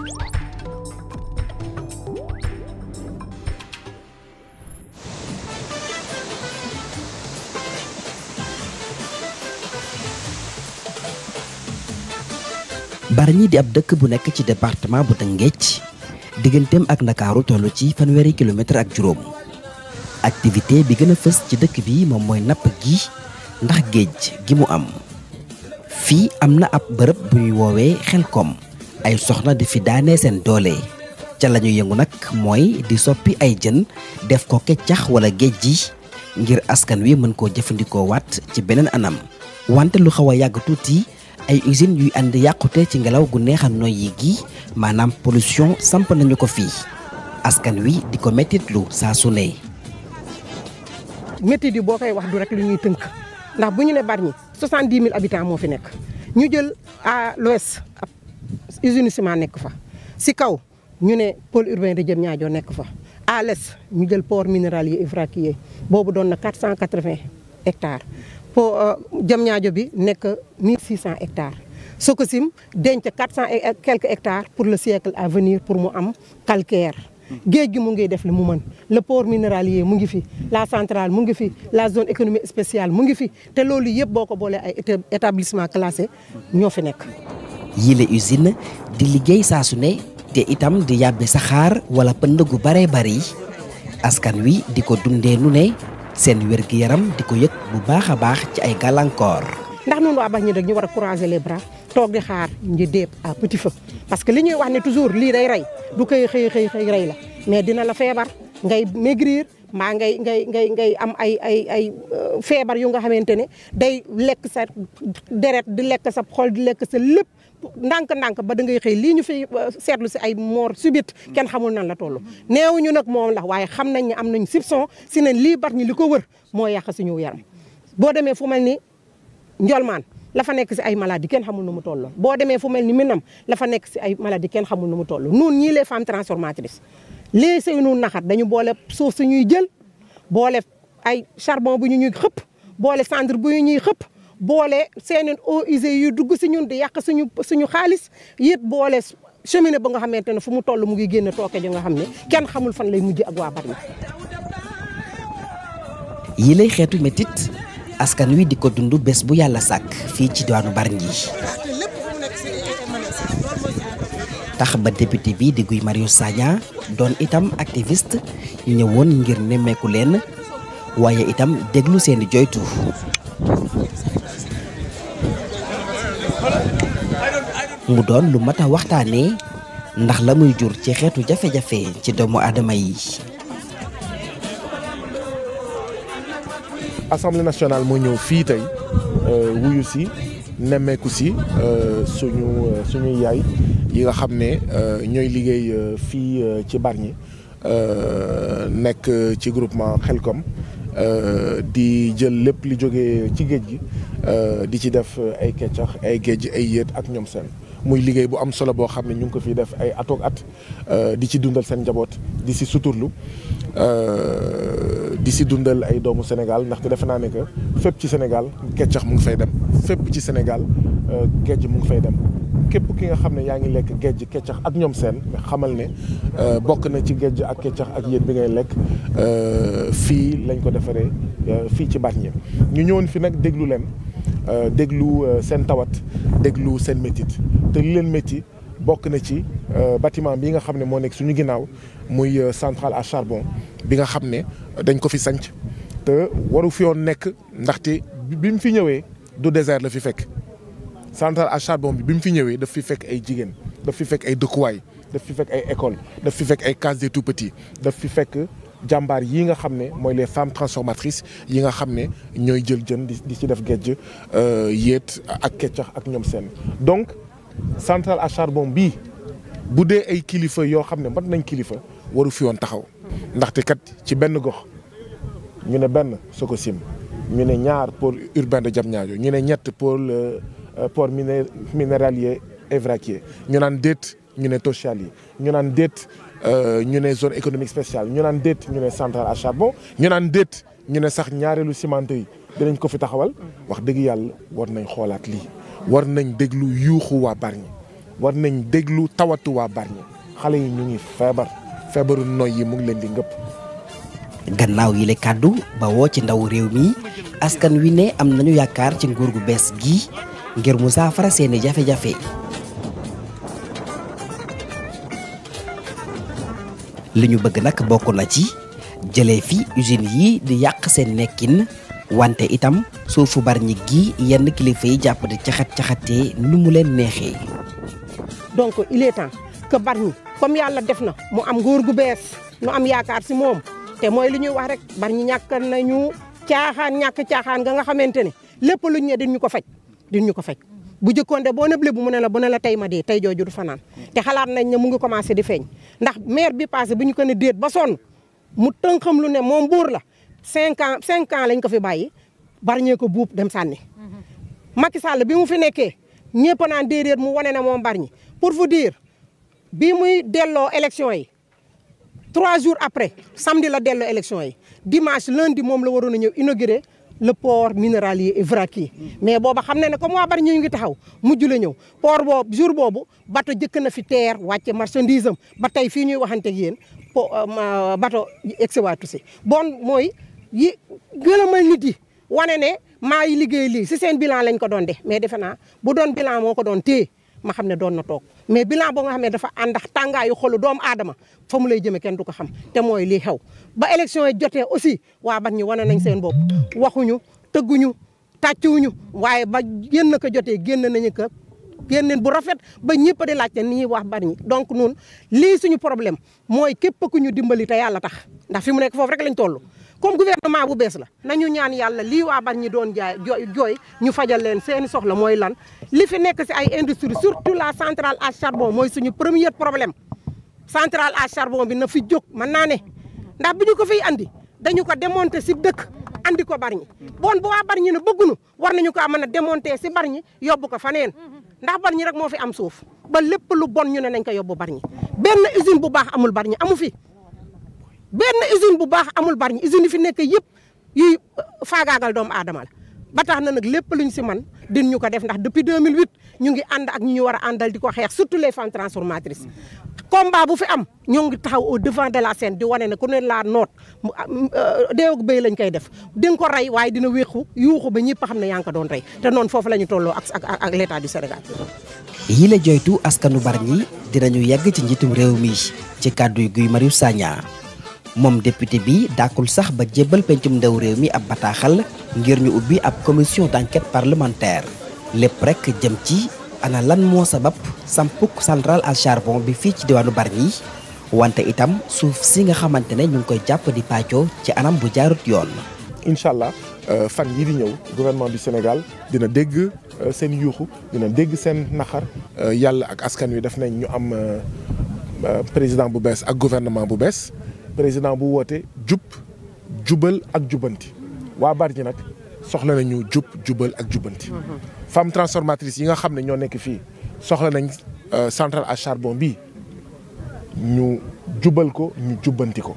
bari Bargny di ab dëkk bu nekk ci departement bu Tëngéej digganteem ak Ndakaaru toll ci fanweeri ak juróom activité bi gën a fës ci dëkk bi moom mooy napp gi ndax géej gi mu am fii am na ab bërëb bu ñuy woowee Xelkom ay soxna di fi daanee seen doole ca la yëngu nag mooy di soppi ay jën def ko keccax wala géej gi ngir askan wi mën koo jëfandikoo waat ci beneen anam wante lu xaw a yàgg tuuti ay usine yuy ànd yàqute ci ngelaw gu neex a noyyi gi maanaam pollution samp nañu ko fii askan wi di ko mettitlu saa su ne. métti di boo koy wax du rek lu ñuy tënk ndax bu ñu ne Bargny soixante-dix moo fi nekk ñu jël à l'ouest usine ciment nekk fa si kaw ñu ne pôle urbain de Diamniadio nekk fa à l'est ñu jël poor port minéralier Ifraki boobu doon na 480 hectares pour euh, Diamniadio bi nekk 1600 hectares Sococim denc 400 et euh, quelques hectares pour le siècle à pour mu am calcaire géej gi mu ngi def li mu mën le port minéralier mu ngi fi la centrale mu ngi fi la zone économie spéciale mu ngi fi te loolu yëpp boo ko boolee ay établissement classé ñoo fi nekk yii yile usine di liggéey saa su ne te itam di yàbbi saxaar wala pënd gu bare bari askan wi di ko dundee nu ne seen wér-gi-yaram di ko yëg bu baax a baax ci ay gàllankoor. ndax noonu waa bax ñu rek ñu war a croiser les bras toog di xaar ñu déeb à petit feu parce que li ñuy wax ne toujours lii day rey du koy xëy xëy xëy rey la mais dina la feebar ngay maigrir. maa ngay ngay ngay ngay am ay ay ay euh, feebar yu nga xamante ne day lekk sa deret di lekk sa xol di lekk sa lépp ndànk-ndànk ba da ngay xëy lii ñu fi euh, seetlu si ay mort subite kenn xamul nan la toll neewuñu nag moom la waaye xam nañ ne am nañ soupçon si ne lii bar ñi li ko wër moo yàq suñu yaram boo demee fu mel ni njolmaan la fa nekk si ay maladie kenn xamul nu mu toll boo demee fu mel ni minam la fa nekk si ay maladie kenn xamul nu mu toll nun ñii les femmes transformatrices léegi Seynou naxat dañu boole suuf si ñuy jël boole ay charbon bu ñu ñuy xëpp boole cendre bu ñu ñuy xëpp boole seen eaux usées yu dugg si ñun di yàq suñu suñu xaalis yëpp boole cheminée ba nga xamante ne fu mu toll mu ngi génn tooke ji nga xam ne kenn xamul fan lay mujje ak waa Bargny. yi lay xeetu métit askan wi di ko dund bés bu yàlla sàkk fii ci diwaanu Bargny tax ba député bi di Guy Marius Sagna doon itam activiste ñëwoon ngir nemmeeku leen waaye itam déglu seeni joytu mu doon lu mat waxtaane ndax la muy jur ci xeetu jafe-jafe ci doomu aadama yi. Assemblée nationale moo ñëw fii tey euh, wuyu si nemmeeku si euh, suñu euh, yaay. yi nga xam ne euh, ñooy liggéey euh, fii euh, ci Bargny nekk ci groupement Xelcom di jël lépp li jóge ci géej gi di ci def ay keccax ay géej ay yéet ak ñoom seen muy liggéey bu am solo boo xam ne ñu ngi ko fiy def ay atoog at di ci dundal seen njaboot di si suturlu di si dundal ay doomu Sénégal ndaxte defe naa ne que fépp ci Sénégal keccax mu ngi fay dem fépp ci Sénégal géej mu ngi fay dem képp ki nga xam ne yaa ngi lekk gejj keccax ak ñoom seen xamal ne euh, bokk na ci gejj ak keccax ak yéen bi ngay lekk euh, fii lañ ko defaree euh, fii ci baat ñi ñu ñëwoon fi nag déglu leen déglu seen tawat déglu seen métit te li leen métti bokk na ci bâtiment bi nga xam ne moo nekk suñu ginnaaw muy centrale à charbon bi nga xam ne dañ ko fi sanc te waru fi yoon nekk ndaxte bi mu fi ñëwee du désert la fi fekk centrale à charbon bi bi mu fi ñëwee daf fi fekk ay jigéen daf fi fekk ay dëkkuwaay daf fi fekk ay école daf fi fekk ay cases des daf fi fekk jàmbaar yi nga xam ne mooy les femmes transformatrices yi nga xam ne ñooy jël jën di si def gejj euh, yéet ak keccax ak ñoom seen donc centrale à charbon bii bu dee ay kilifa yoo xam ne mat nañ kilifa waru fi woon taxaw ndaxte kat ci benn gox ñu ne benn Sococim ñu ne ñaar pôle urbain de Diamniadio ñu ne ñett pôle euh, Euh, port miné minéralier et vraquier ñu naan déet ñu ne yi ñu naan déet euh, ñu ne zone économique spéciale ñu naan déet ñu ne centrale à charbon ñu naan déet ñu ne sax ñaareelu cimento yi dinañ ko fi taxawal wax dëgg yàlla war nañ xoolaat lii war nañ déglu yuuxu waa Bargny war nañ déglu tawatu waa Bargny xale yi ñu ngi feebar feebaru noy yi mu ngi leen di ngëpp gannaaw yi la kàddu ba woo ci ndaw réew mi askan wi ne am nañu yaakaar ci nguur gu bees gi ngir mu saafara seeni jafe-jafe li ñu bëgg nag bokk na ci jële fi usine yi di yàq seen nekkin wante itam suufu Bargny gi yenn kilifa yi jàpp di caxat caxatee nu mu leen neexee. donc il est temps que Bargny comme yàlla def na mu am nguur gu bees nu am yaakaar si moom te mooy li ñuy wax rek Bargny ñàkk nañu caaxaan ñàkk caaxaan nga nga xamante ne lépp luñ ne dañ ñu ko faj. duñ ñu ko faj mhm. bu jëkkoon de boo nëb lébu mu ne na bu la tey ma dee tey jooju du fanaan mhm. te xalaat na ne mu ngi commencé di feeñ ndax maire bi passé bi ñu ko ne déet ba sonn mu tënkam lu ne moom buur la cinq ans cinq ans lañ ko fi bàyyi barñee ko buub dem sànni mhm. Macky Sall bi mu fi nekkee ñëpp naan déedéet mu wane ne moom barñi pour vous dire bi muy delloo élection yi trois jours après samedi la delloo élection yi dimanche lundi moom la waroon a ñëw le port yi et vraquier mais booba xam ne ne comme waa bari ñu ngi taxaw mu la ñëw port boobu jour boobu bato jëkk na fi teer wàcce marchandise am ba tey fii ñuy waxante ak yéen po euh, bato egsiwaatu si bon mooy yi gëlëmal nit yi wane ne maa yi liggéey li si seen bilan lañ ko doon de mais defe naa bu doon bilan moo ko doon téye ma xam ne doon na toog mais bilan boo nga xam ne dafa àndax tàngaayu xolu doomu aadama fa mu lay jëmee kenn du ko xam te mooy lii xew ba élection yi jotee aussi waa bat ñi wane nañ seen bopp waxuñu tëgguñu tàccuwuñu waaye ba génn ko jotee génn nañu ko génneen bu rafet ba ñëpp di laajte ni ñuy wax bari ñi donc noonu lii suñu problème mooy képp ku ñu dimbali te yàlla tax ndax fi mu nekk foofu rek lañ toll comme gouvernement bu bees la nañu ñaan yàlla lii waa ban ñi doon jaay jooy ñu fajal leen seen soxla mooy lan li fi nekk si ay industrie surtout la centrale à charbon mooy suñu premier problème centrale à charbon bi na fi jog mën naa ne ndax bi ñu ko fiy andi dañu ko démonter si dëkk andi ko Bargny bon bu waa Bargny ne bëggunu war nañu ko mën a démonter si Bargny yóbbu ko faneen ndax Bargny rek moo fi am suuf ba lépp lu bon ñu ne nañ ko yóbbu Bargny benn usine bu baax amul Bargny amu fi benn usine bu baax amul Bargny usine yi fi nekk yëpp yuy uh, faagaagal doomu aadama la ba tax na nag lépp luñ si man din ñu ko def ndax depuis mil 2008 ñu ngi ànd ak ñu ñu war a àndal di ko xeex surtout les femmes transformatrices. combat bu fi am ñoo ngi taxaw au devant de la scène di wane ne ku ne laa noot uh, deewug béy lañ koy def di ko rey waaye dina wéqu yuuxu ba ñëpp xam ne yaa ngi ko doon rey te noonu foofu la ñu tolloo ak ak ak l' état du Sénégal. yi la joytu askanu Bargny dinañu yegg ci njiitum réew mi ci kàddu Guy Marius Sagna. moom député bi dàkkul sax ba jébbal pencum ndew réew mi ab bataaxal ngir ñu ubbi ab commission d'enquête parlementaire lépp rek jëm ci ana lan moo sabab sampuk central à charbon bi fii ci diwaanu Bargny wante itam suuf si nga xamante ne ñu ngi koy jàpp di pàccoo ci anam bu jaarut yoon. incha allah euh, fan yii di ñëw gouvernement bi Sénégal dina dégg euh, seen yuuxu dina dégg seen naxar euh, yàlla ak askan wi def nañ ñu am président bu bees ak gouvernement bu bees. président bu woote jub jubal ak jubanti waa Bargny nag soxla nañu jub jubal ak jubanti femme transformatrice yi nga xam ne ñoo nekk fii soxla nañ euh, centrale à charbon bi ñu jubal ko ñu jubbanti ko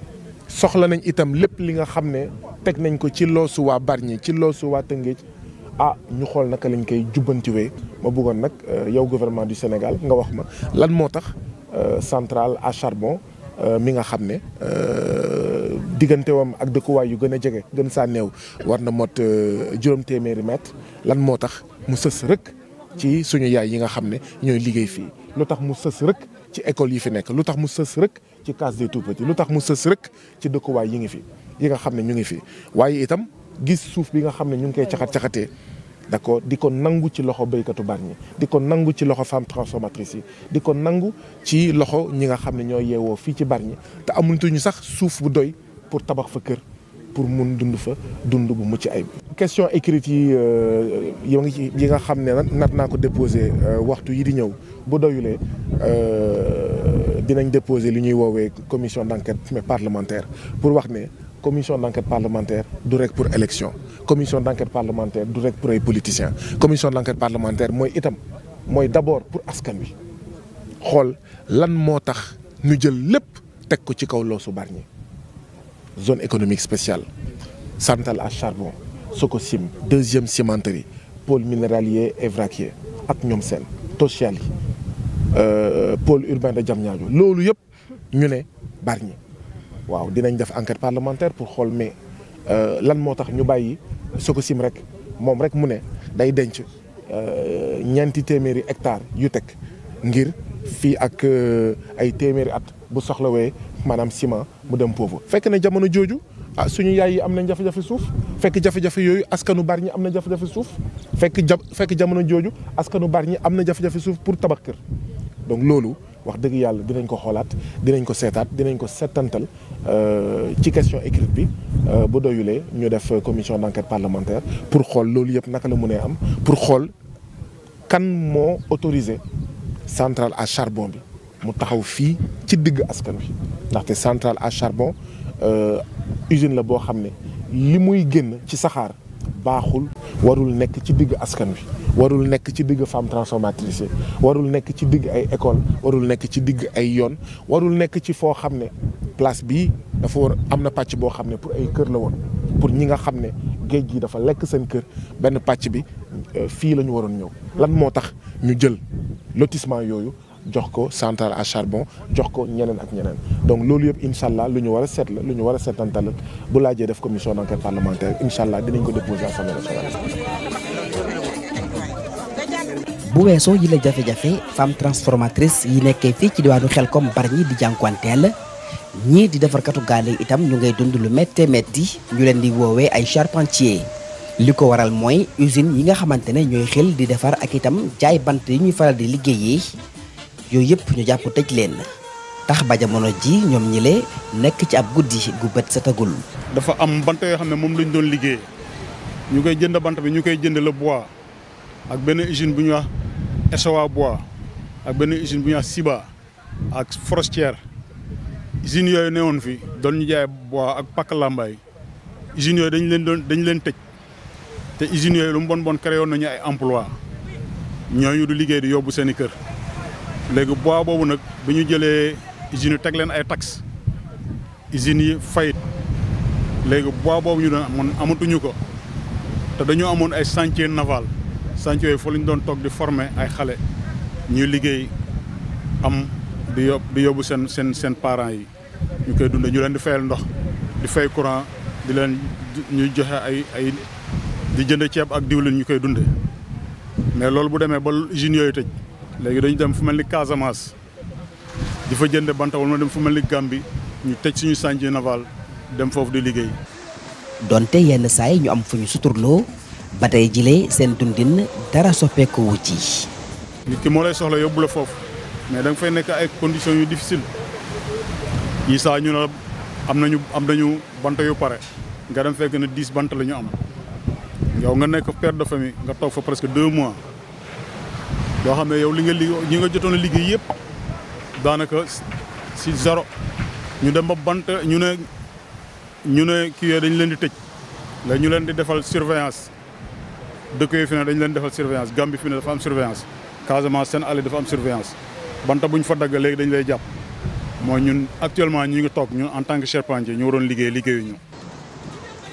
soxla nañ itam lépp li nga xam ne teg nañ ko ci loosu waa Bargny ci loosu waa Tëngéej ah ñu xool naka lañ koy jubbantiwee ma bëggoon nag euh, yow gouvernement du Sénégal nga wax ma lan moo tax euh, centrale à charbon Euh, mi nga xam ne euh, diggante wam ak dëkkuwaay yu gën a jege gën saa néew war na mot euh, juróom téeméeri mètre lan moo tax mu sës rëkk ci suñu yaay yi nga xam ne ñooy liggéey fii lu tax mu sës rëkk ci école yi fi nekk lu tax mu sës rëkk ci case des tout-petits lu tax mu sës rëkk ci dëkkuwaay yi ngi fi yi nga xam ne ñu ngi fi waaye itam gis suuf bi nga xam ne ñu ngi koy caxat caxatee d' accord di ko nangu ci loxo béykatu Bargny di ko nangu ci loxo femme transformatrice yi di ko nangu ci loxo ñi nga xam ne ñoo yeewoo fii ci ñi te amutuñu sax suuf bu doy pour tabax fa kër pour mun dund fa dund bu mucc ayib. question écrite yi euh, yi nga yi nga xam ne nag naa ko déposé euh, waxtu yi di ñëw bu doyulee euh, dinañ déposé li ñuy woowee commission d' enquête mais parlementaire pour wax ne commission d' enquête parlementaire du rek pour élection. commission d' enquête parlementaire du rek pour ay politiciens commission d' parlementaire mooy itam mooy d' abord pour askan wi xool lan moo tax ñu jël lépp teg ko ci kaw loosu Bargny zone économique spéciale centrale à charbon Sococim deuxième cimenterie pôle minéralier et vraquier ak ñoom seen Toshiali euh, pôle urbain de Diamniadio loolu yëpp ñu ne Bargny waaw dinañ def enquête parlementaire pour xool mais. Euh, lan moo tax ñu bàyyi sim rek moom rek mu ne day denc euh, ñeenti téeméeri hectares yu teg ngir fii ak euh, ay téeméeri at bu soxlawee maanaam ciment mu dem poofu fekk na jamono jooju ah suñu yaay yi am nañ jafe-jafe suuf fekk jafe-jafe yooyu askanu Bargny am na jafe-jafe suuf fekk ja fekk jamono jooju askanu Bargny am na jafe-jafe suuf pour tabax kër donc loolu wax dëgg yàlla dinañ ko xoolaat dinañ ko seetaat dinañ ko settantal euh, ci question écrite bi euh, bu doyulee ñu def commission d'enquête parlementaire pour xool loolu yëpp naka la mënee am pour xool kan moo autorisé centrale à charbon bi mu taxaw fii ci digg askan wi ndaxte centrale à charbon euh, usine la boo xam ne li muy génn ci saxaar baaxul warul nekk ci digg askan wi warul nekk ci digg femme transformatrice warul nekk ci digg ay école warul nekk ci digg ay yoon warul nekk ci foo xam ne place bi dafa war am na pàcc boo xam ne pour ay kër la woon pour ñi nga xam ne géej gi dafa lekk seen kër benn pàcc bi euh, fii la ñu waroon ñëw lan moo tax ñu jël lotissement yooyu jox ko centrale à charbon jox ko ñeneen ak ñeneen donc loolu yëpp incha allah lu war a seet la lu ñu war a seetantal bu laajee def commission d'enquête parlementaire incha allah dinañ ko déposer assemblée nationale. bu weesoo yi la jafe-jafe femme transformatrice yi nekkee fii ci diwaanu Xelkom bari ñi di jànkuwanteel ñii di defarkatu gaale itam ñu ngay dund lu méttee métti ñu leen di woowee ay charpentier li ko waral mooy usine yi nga xamante ne ñooy xel di defar ak itam jaay bant yi ñuy faral di liggéeyee yooyu yëpp ñu jàpp tëj leen tax ba jamono ji ñoom ñile nekk ci ab guddi gu bët setagul dafa am bant yoo xam ne moom lañ doon liggéey ñu koy jënd bant bi ñu koy jënd le bois ak benn usine bu ñuy wax Essowa bois ak benn usine bu ñuy wax Siba ak Forestière usines yooyu newoon fi doon ñu jaay bois ak pakk làmbaay usines yooyu dañ leen doon dañ leen tëj te usines yooyu lu mu bon bon créé woon nañu ay ñoo yu du liggéey di yóbbu seen i kër léegi bois boobu nag bi ñu jëlee usines yi teg leen ay taxes usines yi fayit léegi bois boobu ñu doon amoon amatuñu ko te dañoo amoon ay chantier naval chantier yooyu fa la ñu doon toog di former ay xale ñuy liggéey am di yóbbu di yóbbu seen seen seen parents yi ñu koy dundee ñu leen di fayal ndox di fay courant di leen ñuy joxe ay ay di jënd ceeb ak diwlin ñu koy dundee mais loolu bu demee ba usines yooyu tëj. léegi dañu dem fu mel ni Casamance di fa jënd banta wala dem fu mel ni Gambie ñu tëj suñu chantier naval dem foofu di liggéey. donte yenn saay ñu am fu ñu suturloo ba tey jilee seen dundin dara soppeeku ko ci. nit ki moo lay soxla yóbbu la foofu mais da nga fay nekk ay conditions yu difficile yi saa ñu ne am nañu am nañu bant yu pare nga dem fekk na dix bant la ñu am yow nga nekk per de famille nga toog fa presque deux mois. yoo xam ne yow li nga liggéey ñi nga jotoon a liggéey yëpp daanaka si zéro ñu dem ba bant ñu ne ñu ne kii yooyu dañu leen di tëj la ñu leen di defal surveillance dëkk yooyu fi ne dañu leen defal surveillance Gambie fi ne dafa am surveillance Casamance seen àll dafa am surveillance banta bu ñu fa dagg léegi dañu lay jàpp mooy ñun actuellement ñu ngi toog ñun en tant que charpentier ñu waroon liggéey liggéeyuñu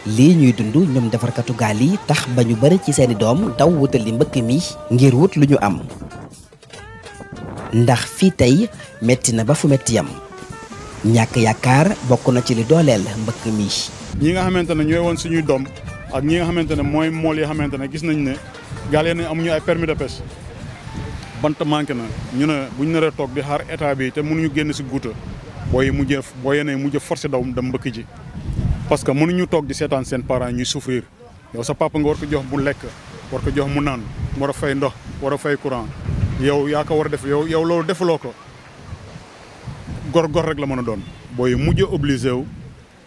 lii ñuy dund ñoom defarkatu gaal yi tax ba ñu bari ci seeni doom daw wutali mbëkk mi ngir wut lu ñu am ndax fii tey metti na ba fu metti yam ñàkk yaakaar bokk na ci li dooleel mbëkk mi ñi nga xamante ne ñooy woon suñuy doom ak ñi nga xamante ne mooy mool yi xamante ne gis nañ ne gaal yi amuñu ay permis de pêche bant manqué na ñu ne bu ñu naree toog di xaar état bi te mënuñu génn si guuta booy mujjee boo yenee mujjee forcé daw dem mbëkk ji parce que mënuñu toog di seetaan seen parents ñuy souffrir yow sa papa nga war ko jox mu lekk war ko jox mu naan war a fay ndox war a fay courant yow yaa ko war a def yow yow loolu defaloo ko gor-gor rek la mën a doon. booy mujjee obligé wu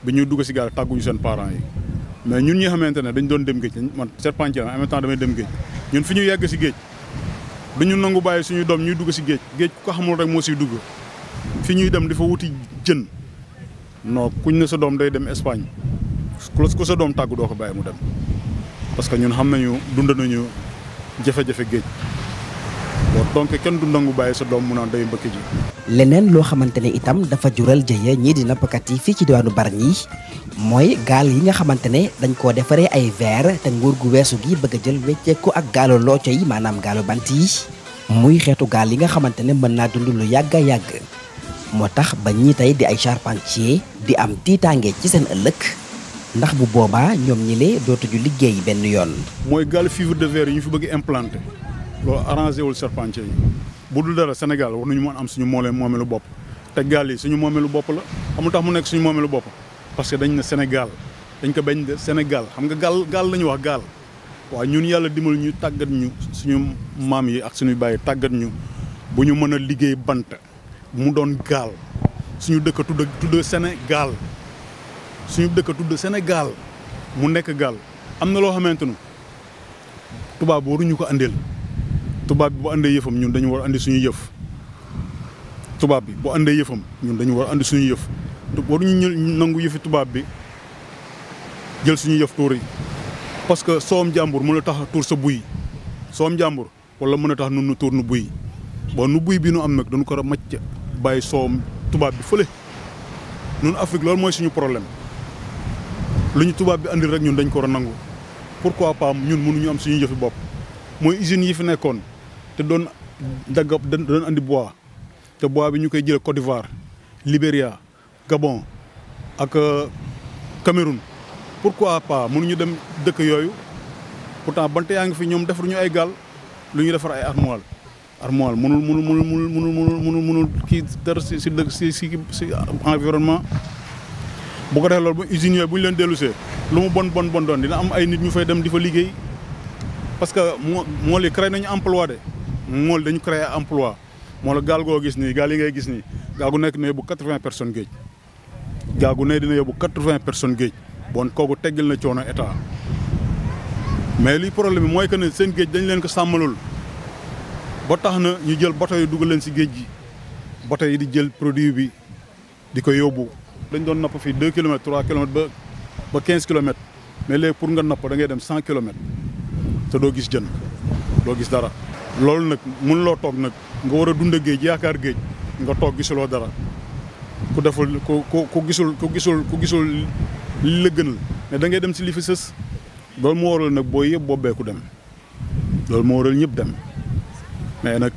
bi ñuy dugg si gaal tàgguñu seen parents yi mais ñun ñi xamante ne dañ doon dem géej man Serpentine en même temps damay dem géej ñun fi ñu yegg si géej ñu nangu bàyyi suñu doom ñuy dugg si géej géej ku ko xamul rek moo siy dugg fi ñuy dem di fa wuti jën. non kuñ ne sa doom day dem Espagne ku sa doom tàggu doo ko bàyyi mu dem parce que ñun xam nañu dund nañu jafe-jafe géej bon donc kenn du nangu bàyyi sa doom mu naan day mbëkk ji. leneen loo xamante ne itam dafa jural jëye ñii di nappkat yi fii ci diwaanu Bargny mooy gaal yi nga xamante ne dañ koo defaree ay verre te nguur gu weesu gi bëgg a jël ko ak gaalu loo yi maanaam gaalu bant yi muy xeetu gaal yi nga xamante ne mën naa dund lu yàgg a yàgg moo tax ba ñii tey di ay charpentier di am tiitaange ci seen ëllëg ndax bu boobaa ñoom ñi lee dootuñu liggéey benn yoon. mooy gàll fibre de verre yi ñu fi bëgg implanté loolu arrangé wul charpentier yi bu dul dara Sénégal war ñu moon am suñu moolee moomeelu bopp te gàll yi suñu moomeelu bopp la xamul tax mu nekk suñu moomeelu bopp parce que dañ ne Sénégal dañ ko bañ de Sénégal xam nga gàll gàll la ñu wax gàll waaw ñun yàlla dimbal ñu tàggat ñu suñu maam yi ak suñu bàyyi tàggat ñu bu ñu mën a liggéey bant mu doon gaal suñu dëkk tudd tudd Sénégal suñu dëkk tudd Sénégal mu nekk gaal am na loo xamante ni tubaab waruñu ko andeel tubaab bi bu andee yëfam ñun dañu war a andi suñu yëf tubaab bi bu àndee yëfam ñun dañu war a andi suñu yëf waruñu ñu nangu yëfi tubaab bi jël suñu yëf tuur yi parce que soom jàmbur mën a tax tuur sa buy soom jàmbur walla mën a tax nun nu tuur nu buy bon nu buy bi nu am nag dañu ko a macc bàyyi soom tubaab bi fële ñun Afrique loolu mooy suñu problème lu ñu tubaab bi andil rek ñun dañ ko war a nangu pourquoi pas ñun mënuñu am suñu yëfi bopp. mooy usines yi fi nekkoon te doon dagg doon indi bois te bois bi ñu koy jëlee Côte d'Ivoire Libéria Gabon ak euh, Cameroun pourquoi pas mënuñu dem dëkk yooyu pourtant bant yaa ngi fi ñoom defaruñu ay gaal lu ñu defar ay armoire armoire mënul mënul mënul mënul mënul mënul mënul kii dara si si dëkk si si si environnement bu ko defee loolu ba usines yooyu bu ñu leen dellusee lu mu bon bon bon doon dina am ay nit ñu fay dem di fa liggéey parce que moo mool yi créé nañu emploi de mool dañu créé emploi moo la gaal goo gis nii gaal yi ngay gis nii gaal gu nekk dina yóbbu quatre-vingts personnes géej gaal gu nekk dina yóbbu quatre-vingts personnes géej bon kooku teggil na coono état mais li problème bi mooy que ne seen géej dañ leen ko sàmmalul ba tax na ñu jël bato dugal leen si géej gi bato di jël produit bi di ko yóbbu. dañ doon napp fii 2 kilomètres 3 kilomètres ba ba 15 kilomètres mais léegi pour nga napp dangay ngay dem 100 kilomètres te doo gis jën doo gis dara. loolu nag mën loo toog nag nga war a dund géej yaakaar géej nga toog gisuloo dara ku deful ku ku ku gisul ku gisul ku gisul li la gënal mais dangay dem si li fi sës loolu moo waral nag booy yëpp boo dem loolu moo waral ñëpp dem. mais nag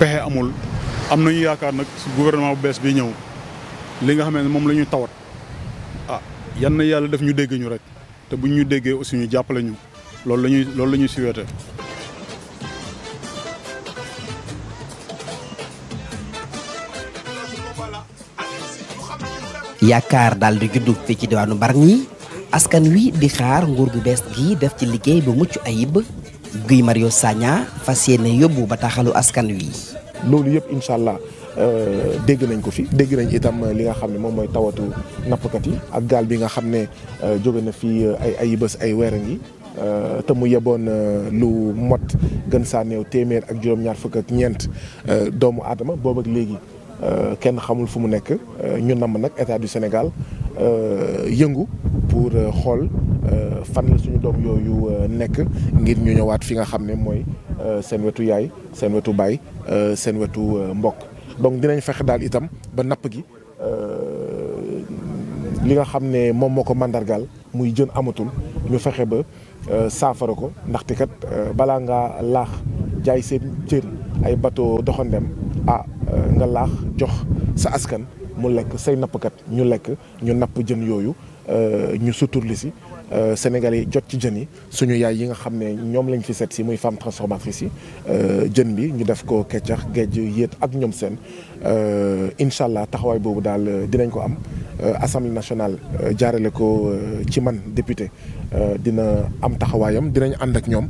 pexe amul am nañu yaakaar nag gouvernement bu bees bi ñëw li nga xam ne moom la ñu tawat a ah, yan yàlla def ñu dégg ñu rek te buñ ñu déggee aussi ñu jàppale ñu loolu lañuy ñuy loolu la ñuy suweete yaakaar daal di juddu fi ci diwaanu Bargny askan wi di xaar nguur gu bees gi def ci liggéey bu mucc ayib Guy Mario Sagna fas yéene yóbbu bataaxalu askan wi. loolu yëpp incha allah euh, dégg nañ ko fi dégg nañ itam euh, li nga xam ne moom mooy tawatu nappkat yi ak gaal bi nga xam ne euh, jóge na fi ay ay bés ay weer ngi te mu yeboon lu mot gën saa téeméer ak juróom-ñaar fukk ak ñeent doomu aadama boobu ak léegi kenn xamul fu mu nekk ñu namb nag état du Sénégal yëngu pour xool. Euh, fan la suñu doom yooyu euh, nekk ngir ñu ñëwaat fi nga xam ne mooy euh, seen wetu yaay seen wetu baay seen wetu mbokk donc dinañ fexe daal itam ba napp gi li nga xam ne moom moo ko màndargaal muy jën amatul ñu fexe ba saafara ko ndaxte kat balaa nga laax jaay seen cër ay bateau doxandem ah nga laax jox sa askan mu lekk say nappkat ñu lekk ñu napp jën yooyu ñu suturli si Euh, Sénégalais yi jot ci jën yi suñu yaay yi nga xam ne ñoom lañ fi seet si muy femme transformatrice yi euh, jën bi ñu def ko keccax géej yéet ak ñoom seen euh, incha allah taxawaay boobu daal dinañ ko am assemblée nationale jaarale ko ci man député dina am taxawaayam dinañ ànd ak ñoom.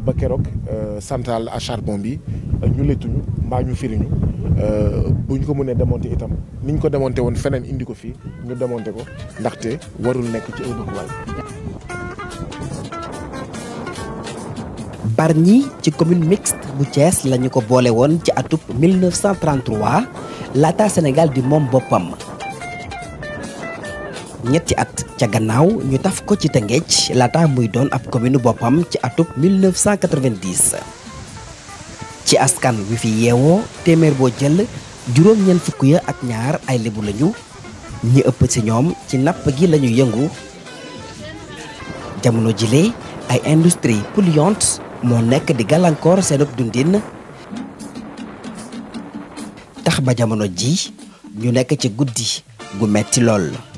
ba keroog euh, centrale à charbon bi euh, ñu lëttuñu mbaa ñu firiñu euh, buñ ñu ko mënee démonter itam niñ ko démonter woon feneen indi ko fii ñu démonter ko ndaxte warul nekk ci ëllëguwaay. Bargny ci commune mixte bu Thiès la ko boole woon ci atub 1933 laata Sénégal di moom boppam. ñetti at ca gannaaw ñu taf ko ci Tëngéej laata muy doon ab commune boppam ci atub 1990 ci askan wi fi yeewoo téeméer boo jël juróom-ñeent fukk ya ak ñaar ay lebu lañu ñi ëpp ci ñoom ci napp gi lañu yëngu jamono le ay industrie polluante moo nekk di gàllankoor seenub dundin tax ba jamono ji ñu nekk ci guddi gu metti lool